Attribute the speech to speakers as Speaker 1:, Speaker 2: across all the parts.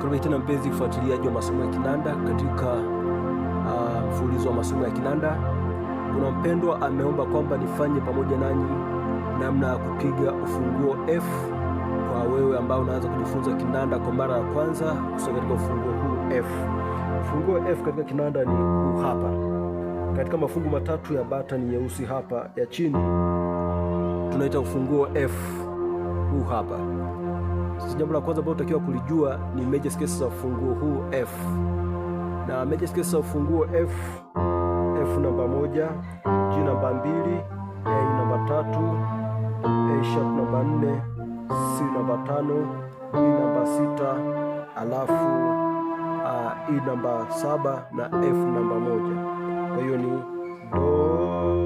Speaker 1: Nakukaribisha tena mpenzi mfuatiliaji wa masomo ya kinanda katika ah, mfululizo uh, wa masomo ya kinanda. Kuna mpendwa ameomba kwamba nifanye pamoja nanyi namna ya kupiga ufunguo F kwa wewe ambao unaanza kujifunza kinanda kwa mara ya kwanza, kusoma katika ufunguo huu F. Ufunguo F katika kinanda ni huu hapa, katika mafungu matatu ya batani nyeusi hapa ya chini tunaita ufunguo F huu hapa. Sasa jambo la kwanza ambalo unatakiwa kulijua ni major scales za ufunguo huu F, na major scales za ufunguo F, F namba moja, G namba mbili, A namba tatu, A sharp namba nne, C namba tano, B namba sita, alafu uh, E namba saba na F namba moja. Kwa hiyo ni do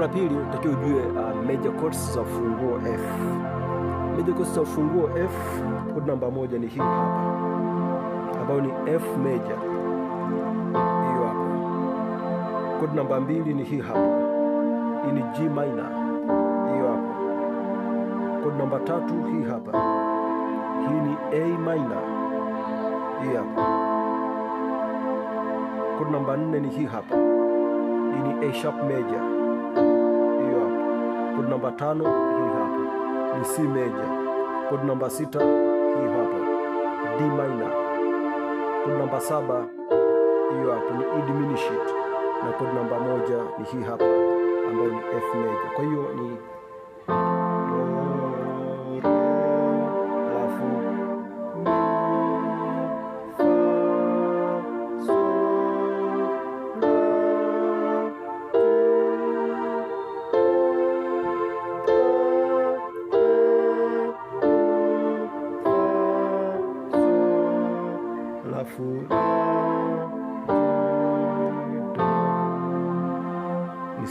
Speaker 1: Jambo la pili unatakiwa ujue uh, major chords za ufunguo F. Major chords za ufunguo F, kod namba moja ni hii hapa ambayo ni F major, hiyo hapa. Kodi namba mbili ni hii hapa, hii ni G minor, hiyo hapa. Kodi namba tatu hii hapa, hii ni A minor, hii hapa. Kodi namba nne ni hii hapa, hii ni A sharp major Kodi namba tano hii hapa ni C major. Kodi namba sita hii hapa D minor. Kodi namba saba hiyo hapa ni E diminished, na kodi namba moja ni hii hapa ambayo ni F major. Kwa hiyo ni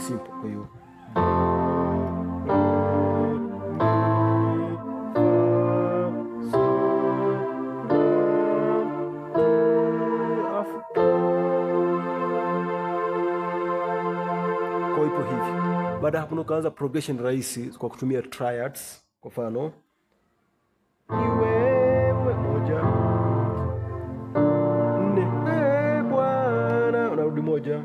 Speaker 1: simple. Kwa hiyo kwa ipo hivi. Baada ya hapo progression rahisi kwa kutumia triads, kwa mfano iwewe moja nne, ee moja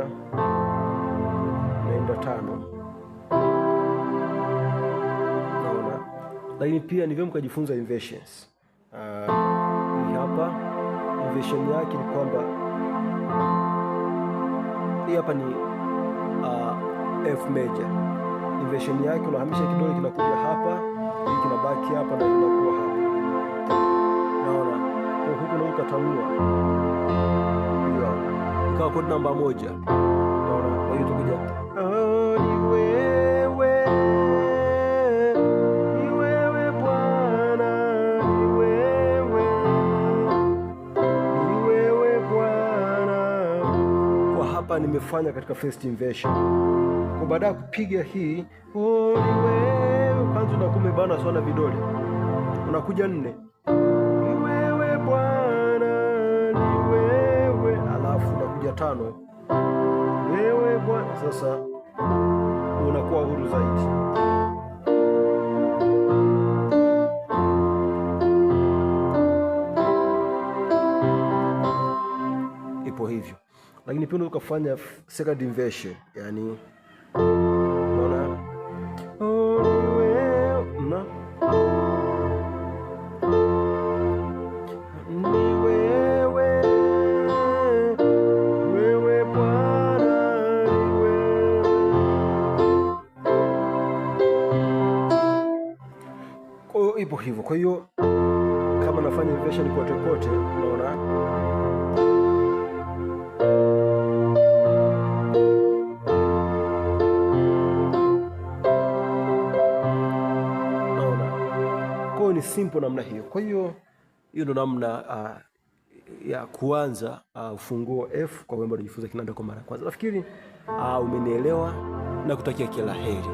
Speaker 1: moja naenda tano, naona. Lakini pia ni vyema kujifunza inversions. Ah, hii hapa inversion yake ni kwamba hii hapa ni uh, F major, inversion yake unahamisha kidole kinakuja hapa, hii kinabaki hapa na kinakuwa hapa, naona. Huku na ukatanua kutoka kodi namba moja. Kwa hiyo Bwana, Kwa hapa nimefanya katika first inversion, kwa baada ya kupiga hii oh, ni wewe kwanza, unakuwa sana vidole, unakuja nne tano, wewe Bwana sasa unakuwa huru zaidi. Ipo hivyo, lakini pia unaweza ukafanya second inversion, yani hivyo. Kwa hiyo kama nafanya inversion kote kote, unaona ni simple namna hiyo. Kwa hiyo hiyo ndo namna uh, ya kuanza ah, ufunguo F kwa wimbo unajifunza kinanda kwa mara ya kwanza. Nafikiri uh, umenielewa na kutakia kila heri.